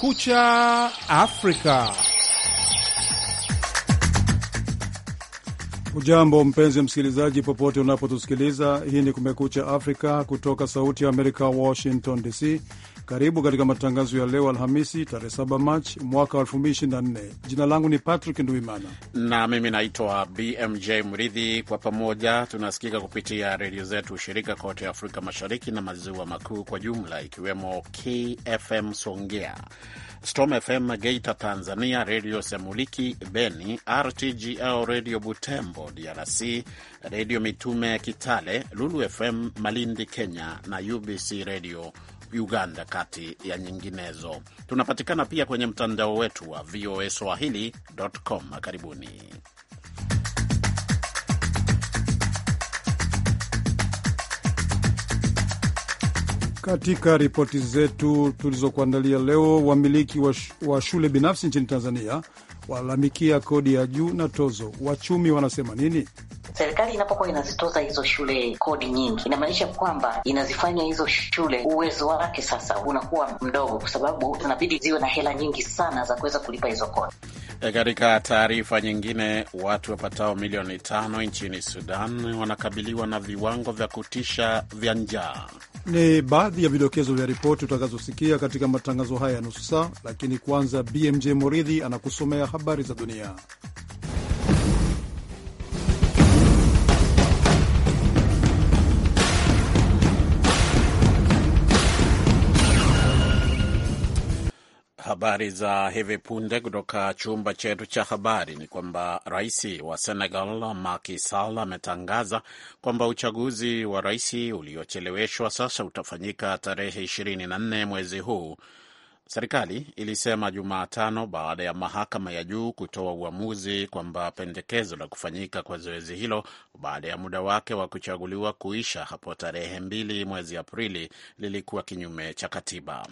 Kumekucha Afrika. Ujambo mpenzi msikilizaji, popote unapotusikiliza. Hii ni Kumekucha Afrika kutoka Sauti ya Amerika, Washington DC. Karibu katika matangazo ya leo Alhamisi, tarehe 7 Machi mwaka 2024. Jina langu ni Patrick Nduimana na mimi naitwa BMJ Mridhi. Kwa pamoja tunasikika kupitia redio zetu shirika kote Afrika Mashariki na Maziwa Makuu kwa jumla, ikiwemo KFM Songea, Storm FM Geita Tanzania, Redio Semuliki Beni, RTGL Redio Butembo DRC, Redio Mitume Kitale, Lulu FM Malindi Kenya na UBC Redio Uganda, kati ya nyinginezo. Tunapatikana pia kwenye mtandao wetu wa VOA Swahili.com. Karibuni. Katika ripoti zetu tulizokuandalia leo, wamiliki wa shule binafsi nchini Tanzania walalamikia kodi ya juu na tozo. Wachumi wanasema nini? Serikali inapokuwa inazitoza hizo shule kodi nyingi, inamaanisha kwamba inazifanya hizo shule uwezo wake sasa unakuwa mdogo, kwa sababu inabidi ziwe na hela nyingi sana za kuweza kulipa hizo kodi. E, katika taarifa nyingine, watu wapatao milioni tano nchini Sudan wanakabiliwa na viwango vya kutisha vya njaa. Ni baadhi ya vidokezo vya ripoti utakazosikia katika matangazo haya ya nusu saa, lakini kwanza, BMJ Moridhi anakusomea habari za dunia. Habari za hivi punde kutoka chumba chetu cha habari ni kwamba rais wa Senegal Macky Sall ametangaza kwamba uchaguzi wa rais uliocheleweshwa sasa utafanyika tarehe 24 mwezi huu, serikali ilisema Jumatano, baada ya mahakama ya juu kutoa uamuzi kwamba pendekezo la kufanyika kwa zoezi hilo baada ya muda wake wa kuchaguliwa kuisha hapo tarehe mbili mwezi Aprili lilikuwa kinyume cha katiba.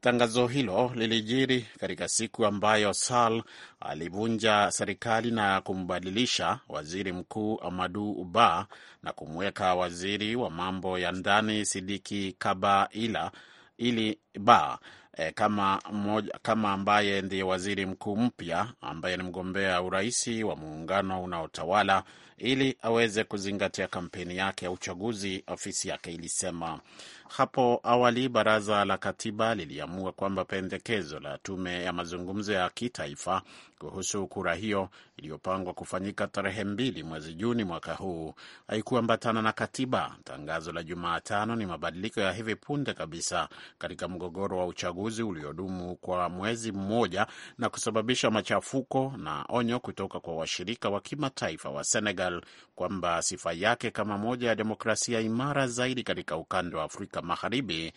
Tangazo hilo lilijiri katika siku ambayo sal alivunja serikali na kumbadilisha waziri mkuu Amadu Uba na kumweka waziri wa mambo ya ndani Sidiki Kaba ila ili ba e, kama, moja, kama ambaye ndiye waziri mkuu mpya ambaye ni mgombea urais wa muungano unaotawala ili aweze kuzingatia kampeni yake ya uchaguzi, ofisi yake ilisema. Hapo awali baraza la katiba liliamua kwamba pendekezo la tume ya mazungumzo ya kitaifa kuhusu kura hiyo iliyopangwa kufanyika tarehe mbili mwezi Juni mwaka huu haikuambatana na katiba. Tangazo la Jumatano ni mabadiliko ya hivi punde kabisa katika mgogoro wa uchaguzi uliodumu kwa mwezi mmoja na kusababisha machafuko na onyo kutoka kwa washirika wa kimataifa wa Senegal kwamba sifa yake kama moja ya demokrasia imara zaidi katika ukanda wa Afrika Afrika Magharibi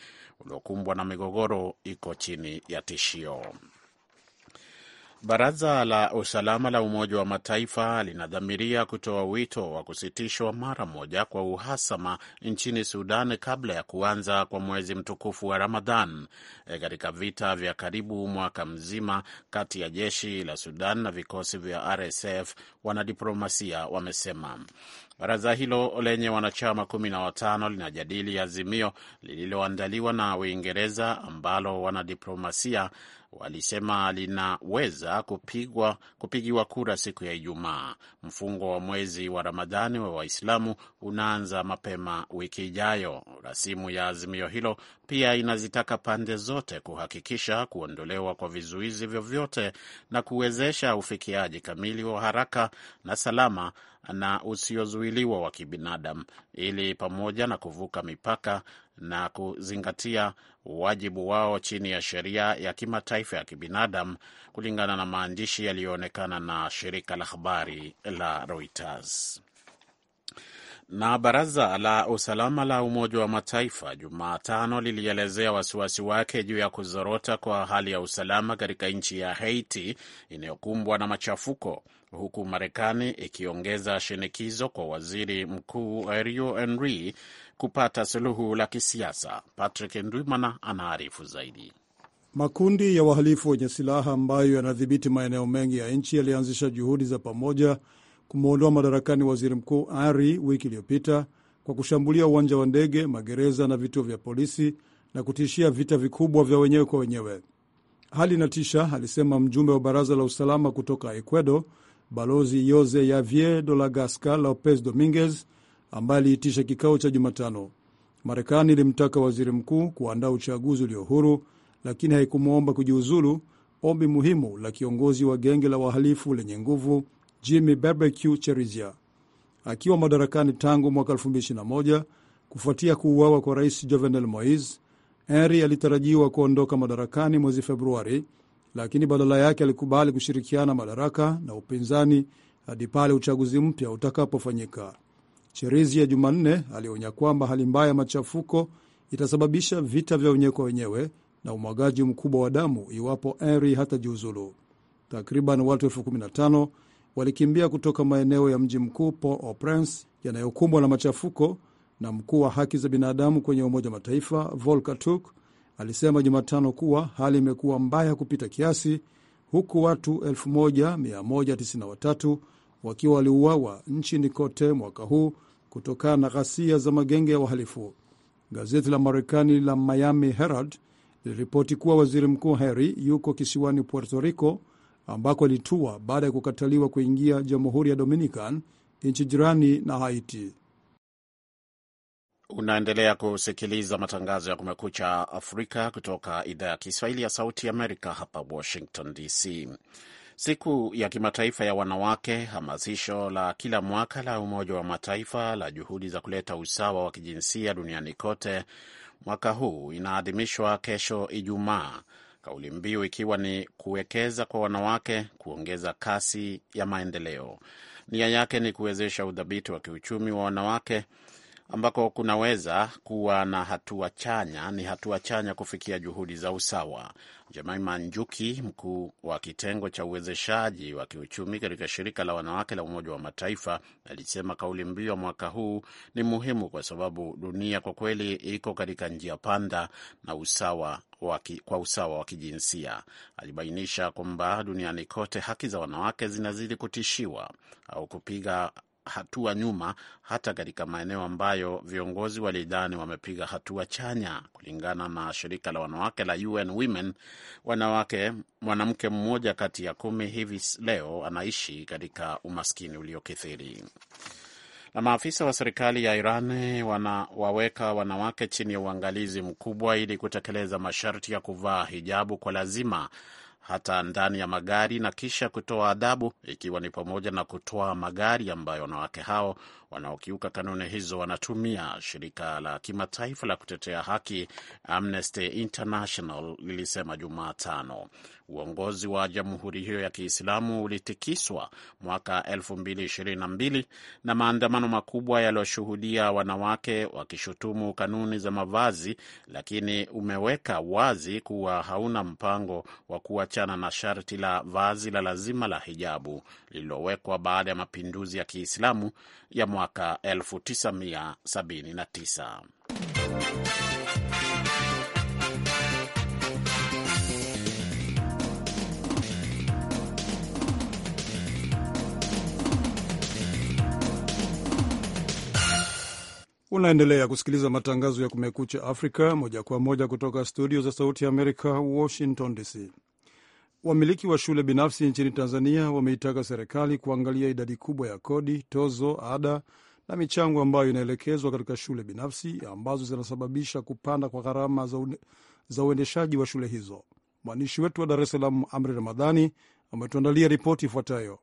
uliokumbwa na migogoro iko chini ya tishio. Baraza la Usalama la Umoja wa Mataifa linadhamiria kutoa wito wa kusitishwa mara moja kwa uhasama nchini Sudan kabla ya kuanza kwa mwezi mtukufu wa Ramadhan, e, katika vita vya karibu mwaka mzima kati ya jeshi la Sudan na vikosi vya RSF, wanadiplomasia wamesema. Baraza hilo lenye wanachama kumi na watano linajadili azimio lililoandaliwa na Uingereza ambalo wanadiplomasia walisema linaweza kupigwa kupigiwa kura siku ya Ijumaa. Mfungo wa mwezi wa Ramadhani wa Waislamu unaanza mapema wiki ijayo. Rasimu ya azimio hilo pia inazitaka pande zote kuhakikisha kuondolewa kwa vizuizi vyovyote na kuwezesha ufikiaji kamili wa haraka na salama na usiozuiliwa wa kibinadamu ili pamoja na kuvuka mipaka na kuzingatia wajibu wao chini ya sheria ya kimataifa ya kibinadamu, kulingana na maandishi yaliyoonekana na shirika la habari la Reuters. Na baraza la usalama la Umoja wa Mataifa Jumatano lilielezea wasiwasi wake juu ya kuzorota kwa hali ya usalama katika nchi ya Haiti inayokumbwa na machafuko, huku Marekani ikiongeza shinikizo kwa waziri mkuu Ariel Henry kupata suluhu la kisiasa. Patrick Ndwimana anaarifu zaidi. Makundi ya wahalifu wenye silaha ambayo yanadhibiti maeneo mengi ya nchi yalianzisha juhudi za pamoja kumwondoa madarakani waziri mkuu Ari wiki iliyopita kwa kushambulia uwanja wa ndege, magereza na vituo vya polisi na kutishia vita vikubwa vya wenyewe kwa wenyewe. Hali inatisha, alisema mjumbe wa baraza la usalama kutoka Ecuador, Balozi Jose yavier do la Gasca Lopez Dominguez, ambaye aliitisha kikao cha Jumatano. Marekani ilimtaka waziri mkuu kuandaa uchaguzi ulio huru, lakini haikumwomba kujiuzulu, ombi muhimu la kiongozi wa genge la wahalifu lenye nguvu Jimmy Barbecue Cherizia akiwa madarakani tangu mwaka 2021 kufuatia kuuawa kwa rais Jovenel Moise. Henry alitarajiwa kuondoka madarakani mwezi Februari, lakini badala yake alikubali kushirikiana madaraka na upinzani hadi pale uchaguzi mpya utakapofanyika. Cherizia Jumanne alionya kwamba hali mbaya ya machafuko itasababisha vita vya wenyewe kwa wenyewe na umwagaji mkubwa wa damu iwapo Henry hatajiuzulu. Takriban watu elfu kumi na tano walikimbia kutoka maeneo ya mji mkuu Port-au-Prince yanayokumbwa na machafuko, na mkuu wa haki za binadamu kwenye Umoja wa Mataifa Volker Turk alisema Jumatano kuwa hali imekuwa mbaya kupita kiasi, huku watu 1193 wakiwa waliuawa nchini kote mwaka huu kutokana na ghasia za magenge ya wahalifu. Gazeti la Marekani la Miami Herald liliripoti kuwa waziri mkuu Harry yuko kisiwani Puerto Rico ambako alitua baada ya kukataliwa kuingia Jamhuri ya Dominican, nchi jirani na Haiti. Unaendelea kusikiliza matangazo ya Kumekucha Afrika kutoka idhaa ya Kiswahili ya Sauti Amerika, hapa Washington DC. Siku ya Kimataifa ya Wanawake, hamasisho la kila mwaka la Umoja wa Mataifa la juhudi za kuleta usawa wa kijinsia duniani kote, mwaka huu inaadhimishwa kesho Ijumaa kauli mbiu ikiwa ni kuwekeza kwa wanawake, kuongeza kasi ya maendeleo. Nia yake ni kuwezesha udhabiti wa kiuchumi wa wanawake ambako kunaweza kuwa na hatua chanya ni hatua chanya kufikia juhudi za usawa. Jemaima Njuki, mkuu wa kitengo cha uwezeshaji wa kiuchumi katika shirika la wanawake la Umoja wa Mataifa, alisema kauli mbiu ya mwaka huu ni muhimu kwa sababu dunia kwa kweli iko katika njia panda na usawa waki, kwa usawa wa kijinsia. Alibainisha kwamba duniani kote haki za wanawake zinazidi kutishiwa au kupiga hatua nyuma hata katika maeneo ambayo viongozi walidhani wamepiga hatua chanya. Kulingana na shirika la wanawake la UN Women, wanawake mwanamke mmoja kati ya kumi hivi leo anaishi katika umaskini uliokithiri. Maafisa wa serikali ya Iran wanawaweka wanawake chini ya uangalizi mkubwa ili kutekeleza masharti ya kuvaa hijabu kwa lazima hata ndani ya magari na kisha kutoa adhabu, ikiwa ni pamoja na kutoa magari ambayo wanawake hao wanaokiuka kanuni hizo wanatumia. Shirika la kimataifa la kutetea haki Amnesty International lilisema Jumatano. Uongozi wa jamhuri hiyo ya Kiislamu ulitikiswa mwaka 2022 na maandamano makubwa yaliyoshuhudia wanawake wakishutumu kanuni za mavazi, lakini umeweka wazi kuwa hauna mpango wa kuacha kuachana na sharti la vazi la lazima la hijabu lililowekwa baada ya mapinduzi ya Kiislamu ya mwaka 1979. Unaendelea kusikiliza matangazo ya Kumekucha Afrika moja kwa moja kutoka studio za Sauti ya Amerika, Washington DC. Wamiliki wa shule binafsi nchini Tanzania wameitaka serikali kuangalia idadi kubwa ya kodi, tozo, ada na michango ambayo inaelekezwa katika shule binafsi ambazo zinasababisha kupanda kwa gharama za uendeshaji wa shule hizo. Mwandishi wetu wa Dar es Salaam, Amri Ramadhani, ametuandalia ripoti ifuatayo.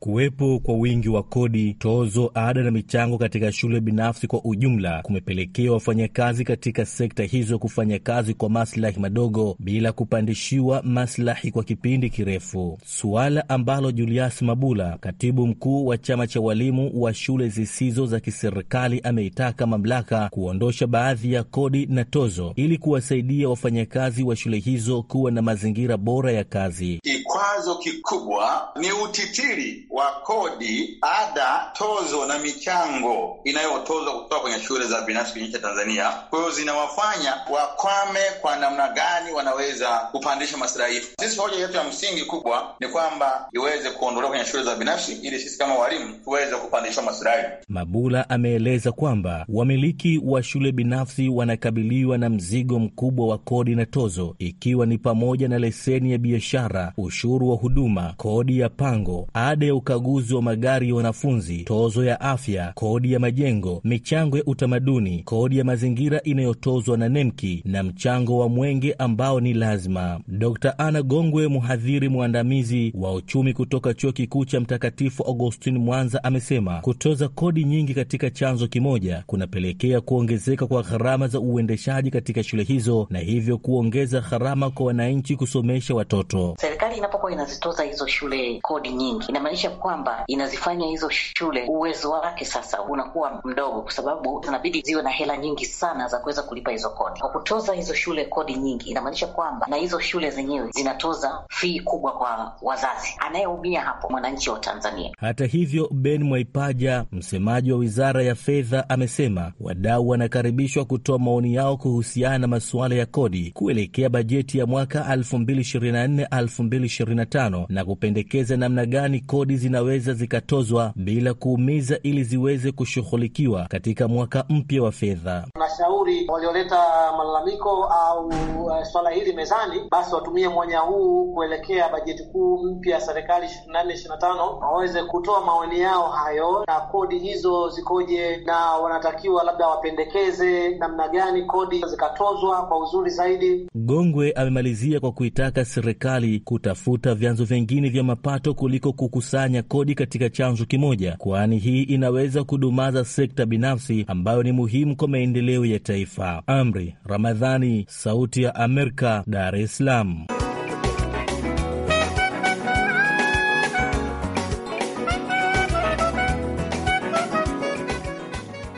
Kuwepo kwa wingi wa kodi, tozo, ada na michango katika shule binafsi kwa ujumla kumepelekea wafanyakazi katika sekta hizo kufanya kazi kwa maslahi madogo bila kupandishiwa maslahi kwa kipindi kirefu, suala ambalo Julius Mabula, katibu mkuu wa chama cha walimu wa shule zisizo za kiserikali, ameitaka mamlaka kuondosha baadhi ya kodi na tozo ili kuwasaidia wafanyakazi wa shule hizo kuwa na mazingira bora ya kazi. Kikwazo kikubwa ni utitiri wa kodi, ada, tozo na michango inayotozwa kutoka kwenye shule za binafsi kwenye nchi ya Tanzania. Kwa hiyo zinawafanya wakwame kwa namna gani wanaweza kupandisha maslahi. Sisi hoja yetu ya msingi kubwa ni kwamba iweze kuondolewa kwenye shule za binafsi ili sisi kama walimu tuweze kupandishwa masilahi. Mabula ameeleza kwamba wamiliki wa shule binafsi wanakabiliwa na mzigo mkubwa wa kodi na tozo, ikiwa ni pamoja na leseni ya biashara, ushuru wa huduma, kodi ya pango, ada ya ukaguzi wa magari ya wanafunzi, tozo ya afya, kodi ya majengo, michango ya utamaduni, kodi ya mazingira inayotozwa na NEMKI na mchango wa mwenge ambao ni lazima. Dr Ana Gongwe, mhadhiri mwandamizi wa uchumi kutoka Chuo Kikuu cha Mtakatifu Augustine Mwanza, amesema kutoza kodi nyingi katika chanzo kimoja kunapelekea kuongezeka kwa gharama za uendeshaji katika shule hizo na hivyo kuongeza gharama kwa wananchi kusomesha watoto. Serikali inapokuwa inazitoza hizo shule kodi nyingi, inamaanisha kuhakikisha kwamba inazifanya hizo shule uwezo wake sasa unakuwa mdogo, kwa sababu zinabidi ziwe na hela nyingi sana za kuweza kulipa hizo kodi. Kwa kutoza hizo shule kodi nyingi, inamaanisha kwamba na hizo shule zenyewe zinatoza fii kubwa kwa wazazi. Anayeumia hapo mwananchi wa Tanzania. Hata hivyo, Ben Mwaipaja, msemaji wa wizara ya fedha, amesema wadau wanakaribishwa kutoa maoni yao kuhusiana na masuala ya kodi kuelekea bajeti ya mwaka 2024/2025 na kupendekeza namna gani kodi kodi zinaweza zikatozwa bila kuumiza ili ziweze kushughulikiwa katika mwaka mpya wa fedha. Nashauri walioleta malalamiko au uh, swala hili mezani, basi watumie mwanya huu kuelekea bajeti kuu mpya ya serikali ishirini na nne ishirini na tano waweze kutoa maoni yao hayo, na kodi hizo zikoje, na wanatakiwa labda wapendekeze namna gani kodi zikatozwa kwa uzuri zaidi. Gongwe amemalizia kwa kuitaka serikali kutafuta vyanzo vingine vya mapato kuliko kukusanya kukusanya kodi katika chanzo kimoja, kwani hii inaweza kudumaza sekta binafsi ambayo ni muhimu kwa maendeleo ya taifa. Amri Ramadhani, Sauti ya Amerika, Dar es Salaam.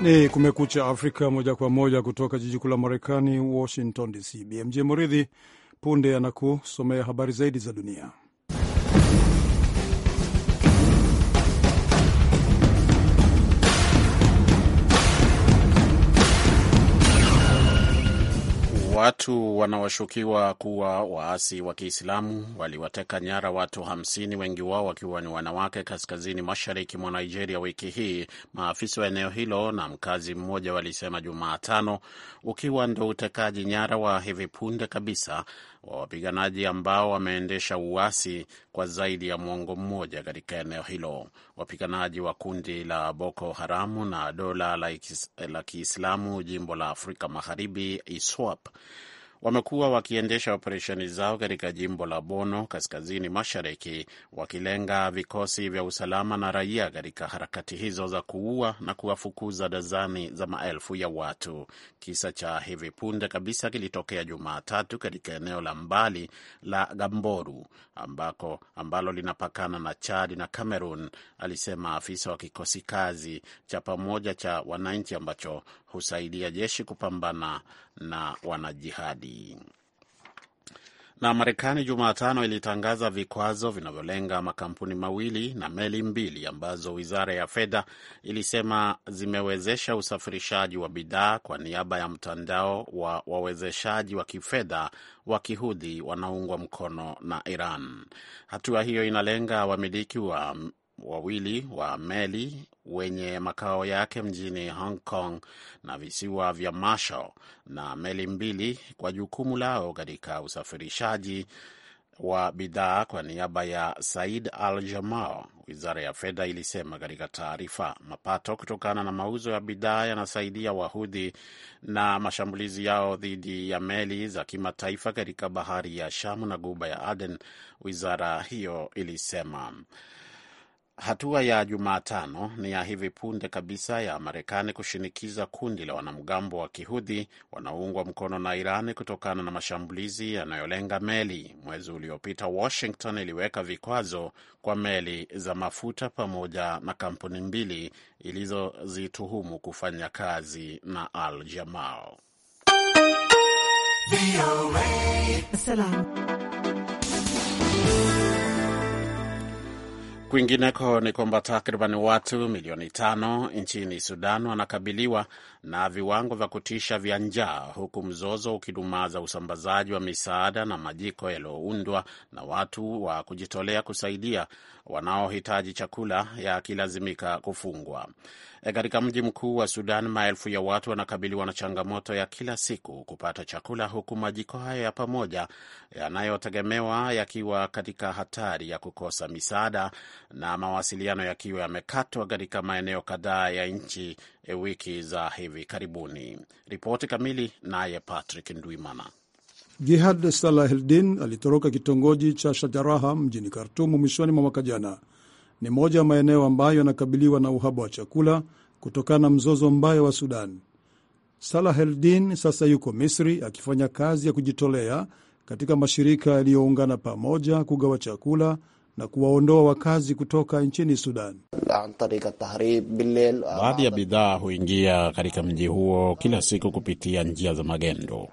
Ni Kumekucha Afrika, moja kwa moja kutoka jiji kuu la Marekani, Washington DC. BMJ Muridhi punde anakusomea habari zaidi za dunia. Watu wanaoshukiwa kuwa waasi wa Kiislamu waliwateka nyara watu hamsini, wengi wao wakiwa ni wanawake, kaskazini mashariki mwa Nigeria wiki hii, maafisa wa eneo hilo na mkazi mmoja walisema Jumatano, ukiwa ndo utekaji nyara wa hivi punde kabisa wa wapiganaji ambao wameendesha uasi kwa zaidi ya mwongo mmoja katika eneo hilo. Wapiganaji wa kundi la Boko Haramu na dola la Kiislamu jimbo la Afrika Magharibi ISWAP wamekuwa wakiendesha operesheni zao katika jimbo la Bono kaskazini mashariki, wakilenga vikosi vya usalama na raia katika harakati hizo za kuua na kuwafukuza dazani za maelfu ya watu. Kisa cha hivi punde kabisa kilitokea Jumatatu katika eneo la mbali la Gamboru ambako, ambalo linapakana na Chad na Cameroon, alisema afisa wa kikosi kazi cha pamoja cha wananchi ambacho husaidia jeshi kupambana na wanajihadi. Na Marekani Jumatano ilitangaza vikwazo vinavyolenga makampuni mawili na meli mbili ambazo wizara ya fedha ilisema zimewezesha usafirishaji wa bidhaa kwa niaba ya mtandao wa wawezeshaji wa kifedha wa kihudhi wanaoungwa mkono na Iran. Hatua hiyo inalenga wamiliki wa wawili wa meli wenye makao yake mjini Hong Kong na visiwa vya Marshall na meli mbili kwa jukumu lao katika usafirishaji wa bidhaa kwa niaba ya Said Al Jamal. Wizara ya fedha ilisema katika taarifa, mapato kutokana na mauzo ya bidhaa yanasaidia Wahudhi na mashambulizi yao dhidi ya meli za kimataifa katika bahari ya Shamu na guba ya Aden, wizara hiyo ilisema. Hatua ya Jumatano ni ya hivi punde kabisa ya Marekani kushinikiza kundi la wanamgambo wa kihudhi wanaoungwa mkono na Irani kutokana na mashambulizi yanayolenga meli. Mwezi uliopita, Washington iliweka vikwazo kwa meli za mafuta pamoja na kampuni mbili ilizozituhumu kufanya kazi na Al Jamal. Kwingineko ni kwamba takriban watu milioni tano nchini Sudan wanakabiliwa na viwango vya kutisha vya njaa, huku mzozo ukidumaza usambazaji wa misaada na majiko yaliyoundwa na watu wa kujitolea kusaidia wanaohitaji chakula yakilazimika kufungwa. E, katika mji mkuu wa Sudan, maelfu ya watu wanakabiliwa na changamoto ya kila siku kupata chakula, huku majiko hayo ya pamoja yanayotegemewa yakiwa katika hatari ya kukosa misaada na mawasiliano yakiwa yamekatwa katika maeneo kadhaa ya nchi Eh, wiki za hivi karibuni. Ripoti kamili naye Patrick Ndwimana. Jihad Salaheldin alitoroka kitongoji cha Shajaraha mjini Khartumu mwishoni mwa mwaka jana. Ni moja ya maeneo ambayo yanakabiliwa na uhaba wa chakula kutokana na mzozo mbaya wa Sudan. Salaheldin sasa yuko Misri akifanya kazi ya kujitolea katika mashirika yaliyoungana pamoja kugawa chakula na kuwaondoa wakazi kutoka nchini Sudan. Baadhi ya bidhaa huingia katika mji huo kila siku kupitia njia za magendo.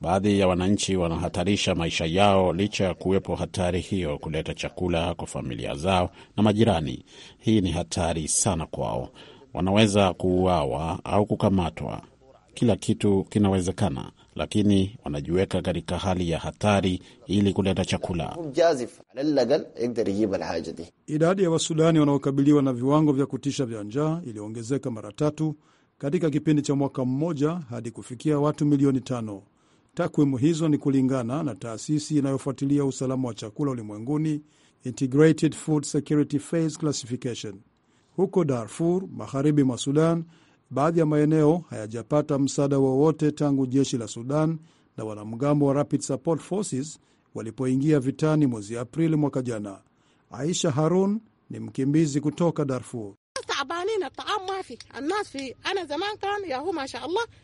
Baadhi ya wananchi wanahatarisha maisha yao licha ya kuwepo hatari hiyo, kuleta chakula kwa familia zao na majirani. Hii ni hatari sana kwao, wanaweza kuuawa au kukamatwa kila kitu kinawezekana, lakini wanajiweka katika hali ya hatari ili kuleta chakula. Idadi ya Wasudani wanaokabiliwa na viwango vya kutisha vya njaa iliongezeka mara tatu katika kipindi cha mwaka mmoja hadi kufikia watu milioni tano. Takwimu hizo ni kulingana na taasisi inayofuatilia usalama wa chakula ulimwenguni, Integrated Food Security Phase Classification. Huko Darfur, magharibi mwa Sudan, baadhi ya maeneo hayajapata msaada wowote tangu jeshi la Sudan na wanamgambo wa Rapid Support Forces walipoingia vitani mwezi Aprili mwaka jana. Aisha Harun ni mkimbizi kutoka Darfur.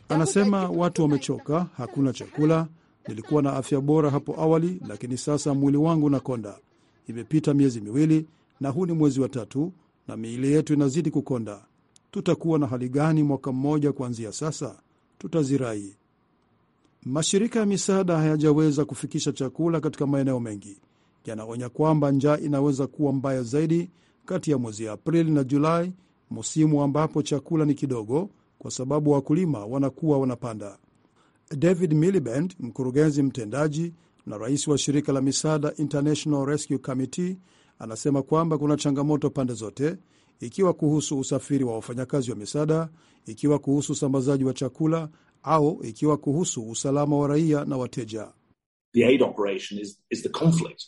Anasema watu wamechoka, hakuna chakula. Nilikuwa na afya bora hapo awali, lakini sasa mwili wangu unakonda. Imepita miezi miwili na huu ni mwezi wa tatu, na miili yetu inazidi kukonda. Tutakuwa na hali gani mwaka mmoja kuanzia sasa? Tutazirai. Mashirika ya misaada hayajaweza kufikisha chakula katika maeneo mengi, yanaonya kwamba njaa inaweza kuwa mbaya zaidi kati ya mwezi Aprili na Julai, msimu ambapo chakula ni kidogo kwa sababu wakulima wanakuwa wanapanda. David Miliband, mkurugenzi mtendaji na rais wa shirika la misaada International Rescue Committee, anasema kwamba kuna changamoto pande zote, ikiwa kuhusu usafiri wa wafanyakazi wa misaada, ikiwa kuhusu usambazaji wa chakula au ikiwa kuhusu usalama wa raia na wateja. The aid operation is, is the conflict.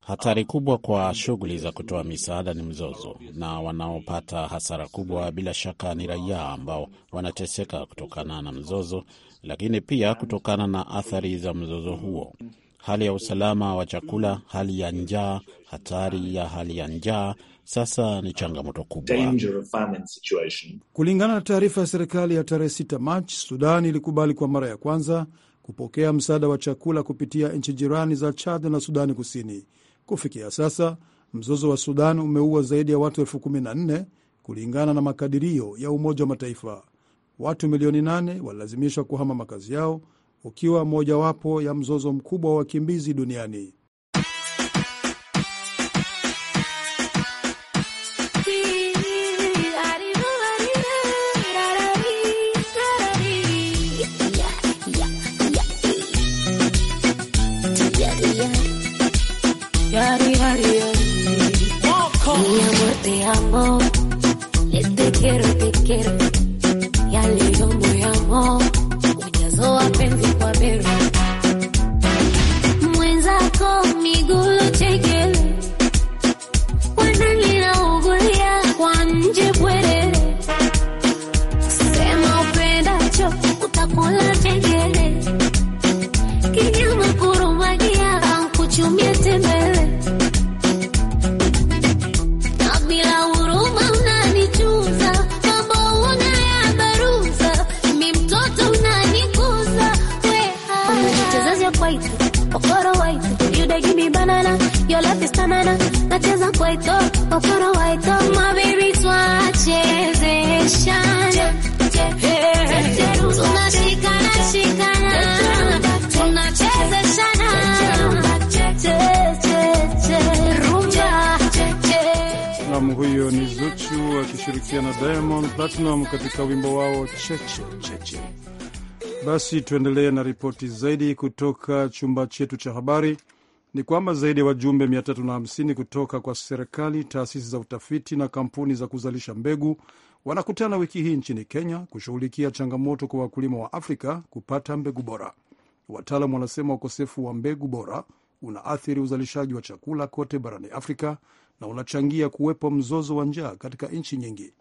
Hatari kubwa kwa shughuli za kutoa misaada ni mzozo, na wanaopata hasara kubwa bila shaka ni raia ambao wanateseka kutokana na mzozo, lakini pia kutokana na athari za mzozo huo hali ya usalama wa chakula, hali ya njaa, hatari ya hali ya njaa sasa ni changamoto kubwa. Kulingana na taarifa ya serikali ya tarehe 6 Machi, Sudan ilikubali kwa mara ya kwanza kupokea msaada wa chakula kupitia nchi jirani za Chad na Sudani Kusini. Kufikia sasa, mzozo wa Sudan umeua zaidi ya watu elfu kumi na nne kulingana na makadirio ya Umoja wa Mataifa. Watu milioni 8 walilazimishwa kuhama makazi yao ukiwa mojawapo ya mzozo mkubwa wa wakimbizi duniani. huyo ni Zuchu akishirikiana na Diamond Platinum katika wimbo wao cheche cheche. Basi tuendelee na ripoti zaidi kutoka chumba chetu cha habari. Ni kwamba zaidi ya wajumbe 350 kutoka kwa serikali, taasisi za utafiti na kampuni za kuzalisha mbegu wanakutana wiki hii nchini Kenya kushughulikia changamoto kwa wakulima wa Afrika kupata mbegu bora. Wataalam wanasema ukosefu wa mbegu bora unaathiri uzalishaji wa chakula kote barani Afrika na unachangia kuwepo mzozo wa njaa katika nchi nyingi.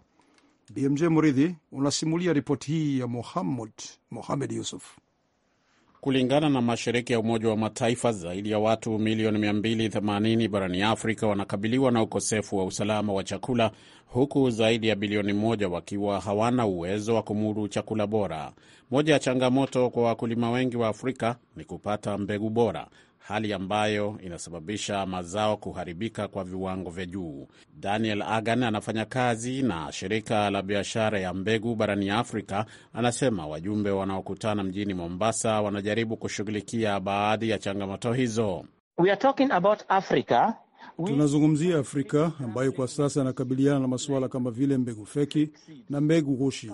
BMJ Muridhi unasimulia ripoti hii ya Mohamud Mohamed Yusuf. Kulingana na mashirika ya Umoja wa Mataifa, zaidi ya watu milioni 280 barani Afrika wanakabiliwa na ukosefu wa usalama wa chakula, huku zaidi ya bilioni moja wakiwa hawana uwezo wa kumudu chakula bora. Moja ya changamoto kwa wakulima wengi wa Afrika ni kupata mbegu bora, hali ambayo inasababisha mazao kuharibika kwa viwango vya juu. Daniel Agan anafanya kazi na shirika la biashara ya mbegu barani Afrika. Anasema wajumbe wanaokutana mjini Mombasa wanajaribu kushughulikia baadhi ya changamoto hizo. We are talking about Africa. Tunazungumzia Afrika ambayo kwa sasa inakabiliana na masuala kama vile mbegu feki na mbegu hushi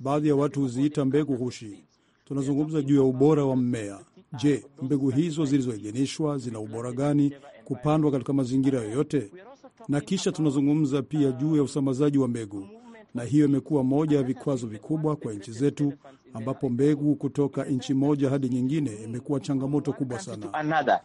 Baadhi ya watu huziita mbegu hushi Tunazungumza juu ya ubora wa mmea Je, mbegu hizo zilizoidhinishwa zina ubora gani kupandwa katika mazingira yoyote? Na kisha tunazungumza pia juu ya usambazaji wa mbegu, na hiyo imekuwa moja ya vikwazo vikubwa kwa nchi zetu, ambapo mbegu kutoka nchi moja hadi nyingine imekuwa changamoto kubwa sana.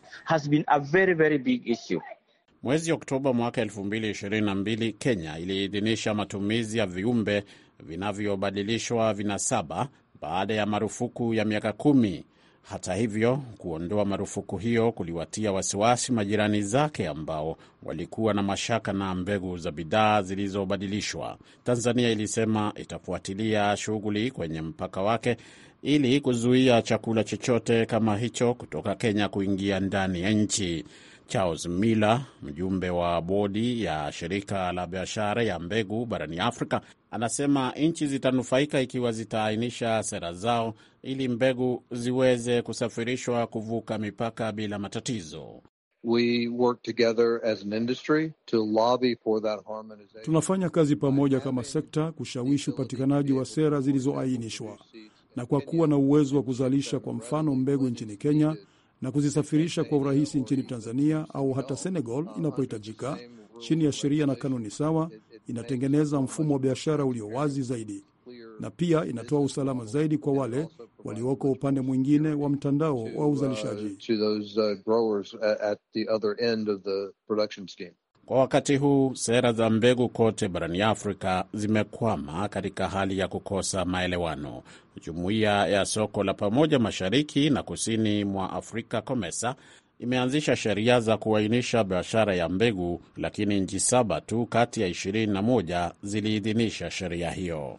Mwezi Oktoba mwaka 2022 Kenya iliidhinisha matumizi ya viumbe vinavyobadilishwa vinasaba baada ya marufuku ya miaka kumi. Hata hivyo, kuondoa marufuku hiyo kuliwatia wasiwasi majirani zake ambao walikuwa na mashaka na mbegu za bidhaa zilizobadilishwa. Tanzania ilisema itafuatilia shughuli kwenye mpaka wake ili kuzuia chakula chochote kama hicho kutoka Kenya kuingia ndani ya nchi. Charles Miller, mjumbe wa bodi ya shirika la biashara ya mbegu barani Afrika, Anasema nchi zitanufaika ikiwa zitaainisha sera zao ili mbegu ziweze kusafirishwa kuvuka mipaka bila matatizo. We work together as an industry to lobby for that harmonization. Tunafanya kazi pamoja kama sekta kushawishi upatikanaji wa sera zilizoainishwa, na kwa kuwa na uwezo wa kuzalisha kwa mfano mbegu nchini Kenya na kuzisafirisha kwa urahisi nchini Tanzania au hata Senegal uh, inapohitajika, chini ya sheria na kanuni sawa, inatengeneza mfumo wa biashara ulio wazi zaidi na pia inatoa usalama zaidi kwa wale walioko upande mwingine wa mtandao wa uh, uzalishaji. Uh, kwa wakati huu, sera za mbegu kote barani Afrika zimekwama katika hali ya kukosa maelewano. Jumuiya ya soko la pamoja mashariki na kusini mwa Afrika, COMESA, imeanzisha sheria za kuainisha biashara ya mbegu, lakini nchi saba tu kati ya 21 ziliidhinisha sheria hiyo.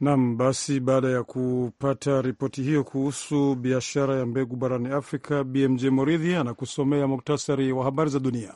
Nam, basi baada ya kupata ripoti hiyo kuhusu biashara ya mbegu barani Afrika, BMJ Moridhi anakusomea muktasari wa habari za dunia.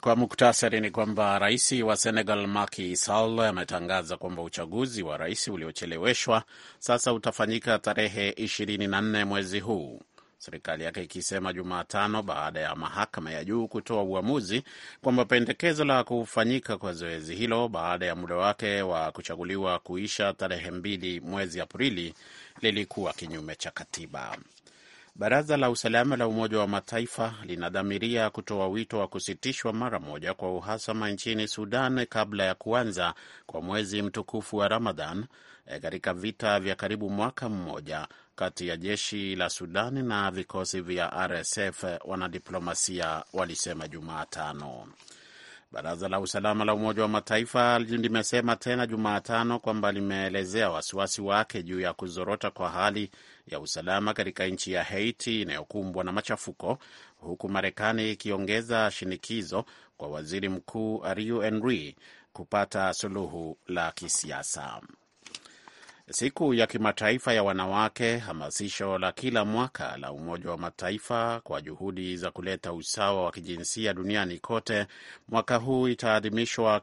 Kwa muktasari ni kwamba rais wa Senegal Macky Sall ametangaza kwamba uchaguzi wa rais uliocheleweshwa sasa utafanyika tarehe 24 mwezi huu, serikali yake ikisema Jumatano baada ya mahakama ya juu kutoa uamuzi kwamba pendekezo la kufanyika kwa zoezi hilo baada ya muda wake wa kuchaguliwa kuisha tarehe mbili mwezi Aprili lilikuwa kinyume cha katiba. Baraza la Usalama la Umoja wa Mataifa linadhamiria kutoa wito wa kusitishwa mara moja kwa uhasama nchini Sudan kabla ya kuanza kwa mwezi mtukufu wa Ramadhan eh, katika vita vya karibu mwaka mmoja kati ya jeshi la sudan na vikosi vya RSF, wanadiplomasia walisema Jumatano. Baraza la usalama la Umoja wa Mataifa limesema tena Jumatano kwamba limeelezea wasiwasi wake juu ya kuzorota kwa hali ya usalama katika nchi ya Haiti inayokumbwa na machafuko, huku Marekani ikiongeza shinikizo kwa waziri mkuu Ariel Henry kupata suluhu la kisiasa. Siku ya kimataifa ya wanawake, hamasisho la kila mwaka la Umoja wa Mataifa kwa juhudi za kuleta usawa wa kijinsia duniani kote, mwaka huu itaadhimishwa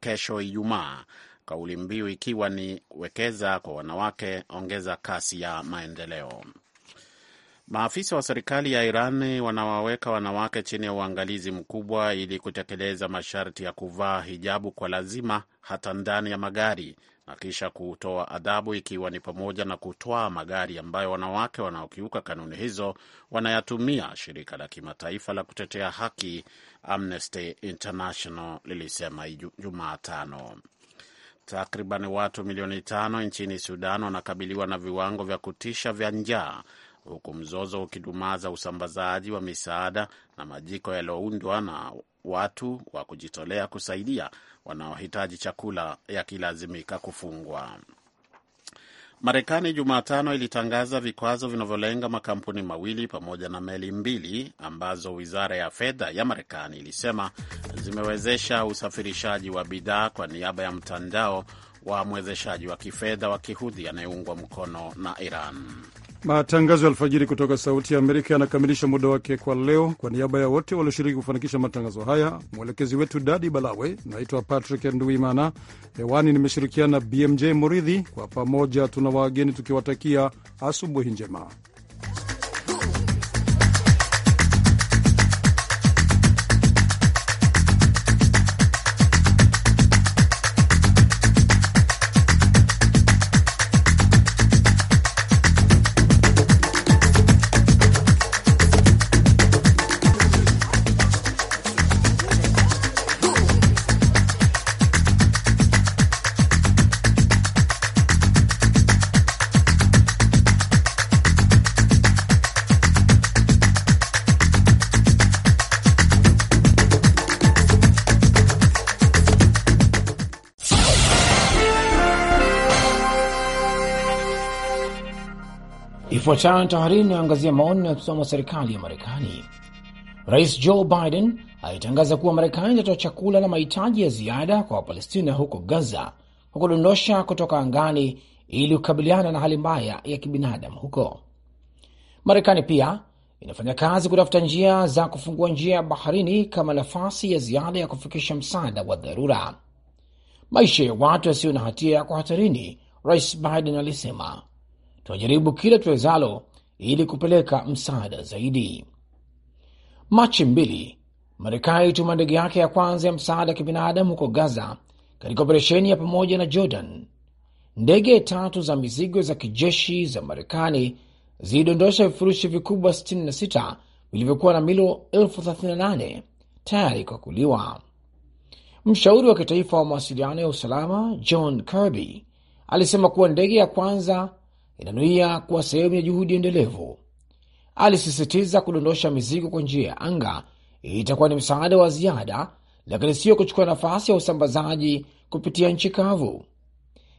kesho, Ijumaa, kauli mbiu ikiwa ni wekeza kwa wanawake, ongeza kasi ya maendeleo. Maafisa wa serikali ya Iran wanawaweka wanawake chini ya uangalizi mkubwa ili kutekeleza masharti ya kuvaa hijabu kwa lazima hata ndani ya magari, na kisha kutoa adhabu, ikiwa ni pamoja na kutwaa magari ambayo wanawake wanaokiuka kanuni hizo wanayatumia. Shirika la kimataifa la kutetea haki Amnesty International lilisema Jumatano. Takriban watu milioni tano nchini Sudan wanakabiliwa na viwango vya kutisha vya njaa huku mzozo ukidumaza usambazaji wa misaada na majiko yaliyoundwa na watu wa kujitolea kusaidia wanaohitaji chakula yakilazimika kufungwa. Marekani Jumatano ilitangaza vikwazo vinavyolenga makampuni mawili pamoja na meli mbili ambazo wizara ya fedha ya Marekani ilisema zimewezesha usafirishaji wa bidhaa kwa niaba ya mtandao wa mwezeshaji wa kifedha wa kihudhi anayeungwa mkono na Iran. Matangazo ya alfajiri kutoka Sauti ya Amerika yanakamilisha muda wake kwa leo. Kwa niaba ya wote walioshiriki kufanikisha matangazo haya, mwelekezi wetu Dadi Balawe, naitwa Patrick Nduimana. Hewani nimeshirikiana BMJ Muridhi. Kwa pamoja, tuna wageni tukiwatakia asubuhi njema. Ifuatayo ni tahariri inayoangazia maoni yanayosoma serikali ya Marekani. Rais Joe Biden alitangaza kuwa Marekani itatoa chakula na mahitaji ya ziada kwa Wapalestina huko Gaza kwa kudondosha kutoka angani ili kukabiliana na hali mbaya ya kibinadamu huko. Marekani pia inafanya kazi kutafuta njia za kufungua njia ya baharini kama nafasi ya ziada ya kufikisha msaada wa dharura. Maisha ya watu yasiyo na hatia yako hatarini, Rais Biden alisema tunajaribu kila tuwezalo ili kupeleka msaada zaidi. Machi mbili, Marekani ilituma ndege yake ya kwanza ya msaada ya kibinadamu huko Gaza katika operesheni ya pamoja na Jordan. Ndege tatu za mizigo za kijeshi za Marekani zilidondosha vifurushi vikubwa 66 vilivyokuwa na milo 38 tayari kwa kuliwa. Mshauri wa kitaifa wa mawasiliano ya usalama John Kirby alisema kuwa ndege ya kwanza inanuia kuwa sehemu ya juhudi endelevu. Alisisitiza kudondosha mizigo kwa njia ya anga itakuwa ni msaada wa ziada, lakini sio kuchukua nafasi ya usambazaji kupitia nchi kavu.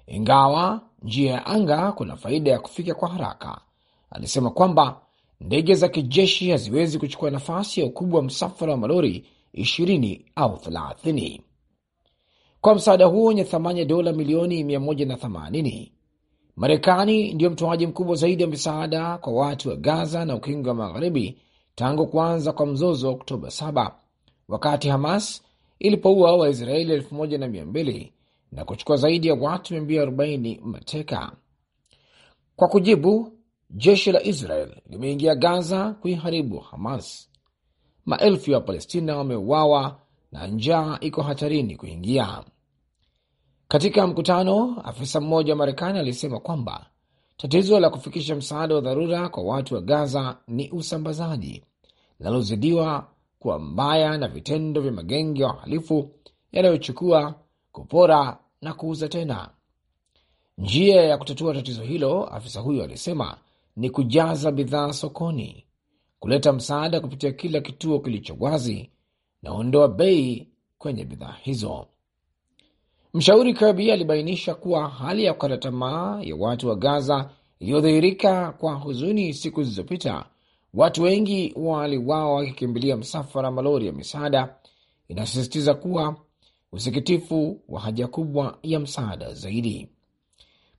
Ingawa njia ya anga kuna faida ya kufika kwa haraka, alisema kwamba ndege za kijeshi haziwezi kuchukua nafasi ya ukubwa wa msafara wa malori 20 au 30. Kwa msaada huo wenye thamani ya dola milioni 180 Marekani ndiyo mtoaji mkubwa zaidi wa misaada kwa watu wa Gaza na ukingo wa magharibi tangu kuanza kwa mzozo Oktoba 7 wakati Hamas ilipoua Waisraeli elfu na na kuchukua zaidi ya watu 240 mateka. Kwa kujibu, jeshi la Israel limeingia Gaza kuiharibu Hamas. Maelfu ya Wapalestina wameuawa na njaa iko hatarini kuingia katika mkutano, afisa mmoja wa Marekani alisema kwamba tatizo la kufikisha msaada wa dharura kwa watu wa Gaza ni usambazaji, linalozidiwa kuwa mbaya na vitendo vya magenge ya wahalifu yanayochukua, kupora na kuuza tena. Njia ya kutatua tatizo hilo, afisa huyo alisema, ni kujaza bidhaa sokoni, kuleta msaada kupitia kila kituo kilicho wazi na ondoa bei kwenye bidhaa hizo. Mshauri Kirby alibainisha kuwa hali ya kukata tamaa ya watu wa Gaza iliyodhihirika kwa huzuni siku zilizopita, watu wengi waliwawa wakikimbilia msafara malori ya misaada, inasisitiza kuwa usikitifu wa haja kubwa ya msaada zaidi.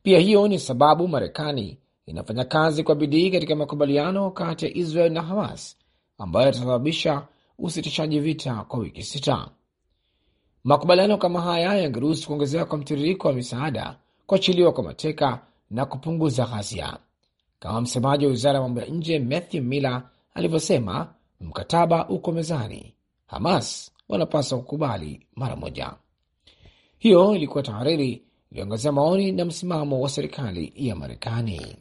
Pia hiyo ni sababu Marekani inafanya kazi kwa bidii katika makubaliano kati ya Israel na Hamas ambayo yatasababisha usitishaji vita kwa wiki sita. Makubaliano kama haya yangeruhusu kuongezeka kwa mtiririko wa misaada, kuachiliwa kwa mateka na kupunguza ghasia. Kama msemaji wa wizara ya mambo ya nje Matthew Miller alivyosema, mkataba uko mezani, Hamas wanapaswa kukubali mara moja. Hiyo ilikuwa tahariri iliyoangazia maoni na msimamo wa serikali ya Marekani.